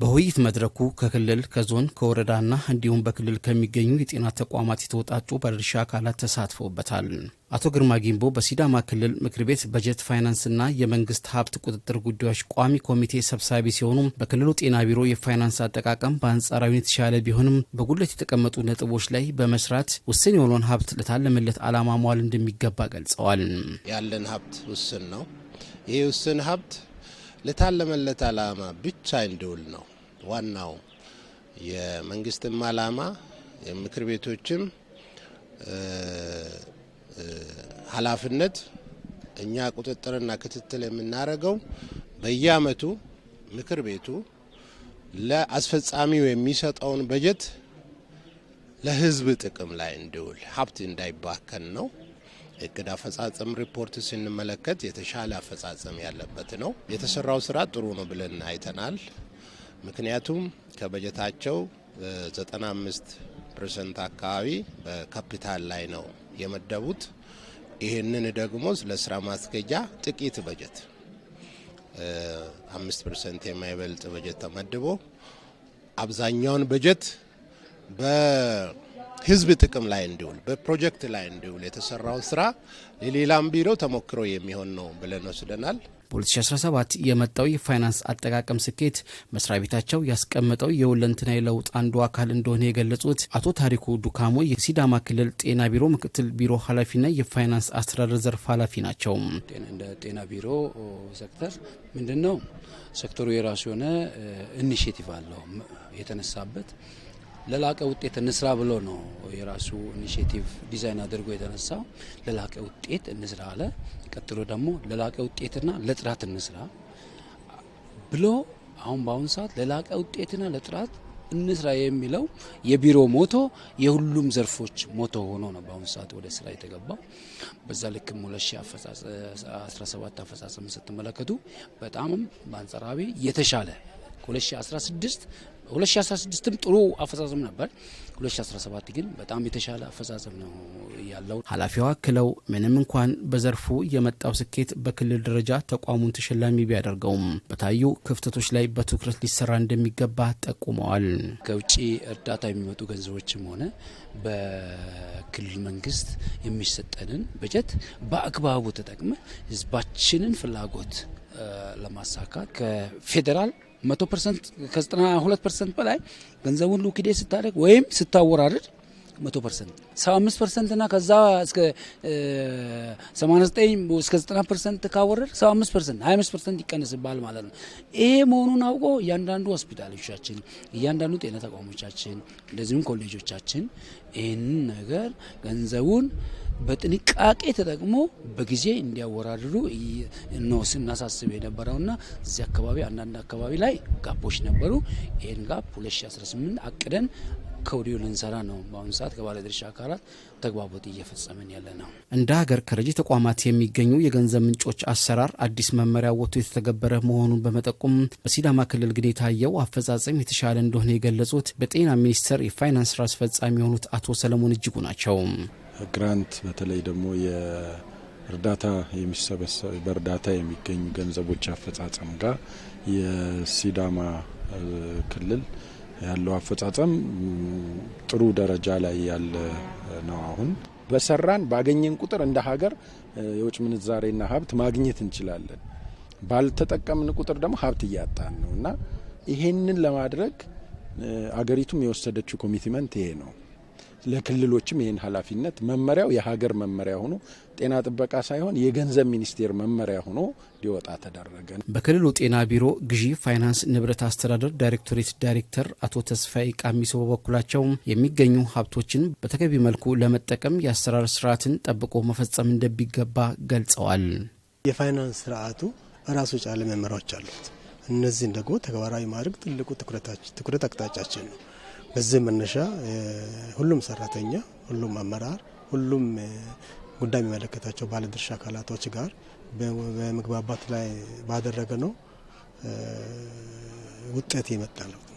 በውይይት መድረኩ ከክልል ከዞን ከወረዳና እንዲሁም በክልል ከሚገኙ የጤና ተቋማት የተወጣጩ ባለድርሻ አካላት ተሳትፈውበታል። አቶ ግርማ ጊንቦ በሲዳማ ክልል ምክር ቤት በጀት ፋይናንስና የመንግስት ሀብት ቁጥጥር ጉዳዮች ቋሚ ኮሚቴ ሰብሳቢ ሲሆኑ በክልሉ ጤና ቢሮ የፋይናንስ አጠቃቀም በአንጻራዊ የተሻለ ቢሆንም በጉለት የተቀመጡ ነጥቦች ላይ በመስራት ውስን የሆነውን ሀብት ለታለመለት ዓላማ መዋል እንደሚገባ ገልጸዋል። ያለን ሀብት ውስን ነው። ይህ ውስን ሀብት ለታለመለት ዓላማ ብቻ እንዲውል ነው ዋናው የመንግስትም ዓላማ የምክር ቤቶችም ኃላፊነት። እኛ ቁጥጥርና ክትትል የምናደርገው በየአመቱ ምክር ቤቱ ለአስፈጻሚው የሚሰጠውን በጀት ለህዝብ ጥቅም ላይ እንዲውል ሀብት እንዳይባከን ነው። እቅድ አፈጻጸም ሪፖርት ስንመለከት የተሻለ አፈጻጸም ያለበት ነው። የተሰራው ስራ ጥሩ ነው ብለን አይተናል። ምክንያቱም ከበጀታቸው 95 ፐርሰንት አካባቢ በካፒታል ላይ ነው የመደቡት። ይህንን ደግሞ ለስራ ማስገጃ ጥቂት በጀት አምስት ፐርሰንት የማይበልጥ በጀት ተመድቦ አብዛኛውን በጀት በ ህዝብ ጥቅም ላይ እንዲውል በፕሮጀክት ላይ እንዲውል የተሰራውን ስራ ለሌላም ቢሮ ተሞክሮ የሚሆን ነው ብለን ወስደናል። በ2017 የመጣው የፋይናንስ አጠቃቀም ስኬት መስሪያ ቤታቸው ያስቀመጠው የሁለንተናዊ ለውጥ አንዱ አካል እንደሆነ የገለጹት አቶ ታሪኩ ዱካሞ የሲዳማ ክልል ጤና ቢሮ ምክትል ቢሮ ኃላፊና የፋይናንስ አስተዳደር ዘርፍ ኃላፊ ናቸው። እንደ ጤና ቢሮ ሴክተር ምንድን ነው ሴክተሩ የራሱ የሆነ ኢኒሽቲቭ አለው የተነሳበት ለላቀ ውጤት እንስራ ብሎ ነው የራሱ ኢኒሽቲቭ ዲዛይን አድርጎ የተነሳው። ለላቀ ውጤት እንስራ አለ። ቀጥሎ ደግሞ ለላቀ ውጤትና ለጥራት እንስራ ብሎ አሁን በአሁኑ ሰዓት ለላቀ ውጤትና ለጥራት እንስራ የሚለው የቢሮ ሞቶ የሁሉም ዘርፎች ሞቶ ሆኖ ነው በአሁኑ ሰዓት ወደ ስራ የተገባው። በዛ ልክም 2017 አፈጻጸም ስትመለከቱ በጣምም በአንጸራዊ የተሻለ 2016 2016ም ጥሩ አፈጻጸም ነበር። 2017 ግን በጣም የተሻለ አፈጻጸም ነው ያለው። ኃላፊዋ አክለው ምንም እንኳን በዘርፉ የመጣው ስኬት በክልል ደረጃ ተቋሙን ተሸላሚ ቢያደርገውም በታዩ ክፍተቶች ላይ በትኩረት ሊሰራ እንደሚገባ ጠቁመዋል። ከውጭ እርዳታ የሚመጡ ገንዘቦችም ሆነ በክልል መንግስት የሚሰጠንን በጀት በአግባቡ ተጠቅመ ህዝባችንን ፍላጎት ለማሳካት ከፌዴራል መቶ ፐርሰንት ከዘጠና ሁለት ፐርሰንት በላይ ገንዘቡን ሉኪዴ ስታደርግ ወይም ስታወራርድ መቶ ፐርሰንት ሰባ አምስት ፐርሰንት እና ከዛ እስከ ሰማንያ ዘጠኝ እስከ ዘጠና ፐርሰንት ካወረድ ሰባ አምስት ፐርሰንት ሀያ አምስት ፐርሰንት ይቀንስባል ማለት ነው። ይሄ መሆኑን አውቆ እያንዳንዱ ሆስፒታሎቻችን፣ እያንዳንዱ ጤና ተቋሞቻችን፣ እንደዚሁም ኮሌጆቻችን ይህንን ነገር ገንዘቡን በጥንቃቄ ተጠቅሞ በጊዜ እንዲያወራድሩ ነው ስናሳስብ የነበረውና እዚህ አካባቢ አንዳንድ አካባቢ ላይ ጋፖች ነበሩ። ይህን ጋፕ 2018 አቅደን ከወዲሁ ልንሰራ ነው። በአሁኑ ሰዓት ከባለድርሻ አካላት ተግባቦት እየፈጸምን ያለ ነው። እንደ ሀገር ከረጂ ተቋማት የሚገኙ የገንዘብ ምንጮች አሰራር አዲስ መመሪያ ወጥቶ የተተገበረ መሆኑን በመጠቆም በሲዳማ ክልል ግን የታየው አፈጻጸም የተሻለ እንደሆነ የገለጹት በጤና ሚኒስቴር የፋይናንስ ስራ አስፈጻሚ የሆኑት አቶ ሰለሞን እጅጉ ናቸው። ግራንት በተለይ ደግሞ እርዳታ የሚሰበሰብ በእርዳታ የሚገኙ ገንዘቦች አፈጻጸም ጋር የሲዳማ ክልል ያለው አፈጻጸም ጥሩ ደረጃ ላይ ያለ ነው። አሁን በሰራን ባገኘን ቁጥር እንደ ሀገር የውጭ ምንዛሬና ሀብት ማግኘት እንችላለን። ባልተጠቀምን ቁጥር ደግሞ ሀብት እያጣን ነው እና ይሄንን ለማድረግ አገሪቱም የወሰደችው ኮሚትመንት ይሄ ነው። ለክልሎችም ይህን ኃላፊነት መመሪያው የሀገር መመሪያ ሆኖ ጤና ጥበቃ ሳይሆን የገንዘብ ሚኒስቴር መመሪያ ሆኖ ሊወጣ ተደረገ። በክልሉ ጤና ቢሮ ግዢ፣ ፋይናንስ፣ ንብረት አስተዳደር ዳይሬክቶሬት ዳይሬክተር አቶ ተስፋዬ ቃሚሶ በበኩላቸው የሚገኙ ሀብቶችን በተገቢ መልኩ ለመጠቀም የአሰራር ስርዓትን ጠብቆ መፈጸም እንደሚገባ ገልጸዋል። የፋይናንስ ስርዓቱ ራሱ ጫለ መመሪያዎች አሉት። እነዚህን ደግሞ ተግባራዊ ማድረግ ትልቁ ትኩረት አቅጣጫችን ነው። በዚህ መነሻ ሁሉም ሰራተኛ፣ ሁሉም አመራር፣ ሁሉም ጉዳይ የሚመለከታቸው ባለድርሻ አካላቶች ጋር በመግባባት ላይ ባደረገ ነው ውጤት የመጣ ነው።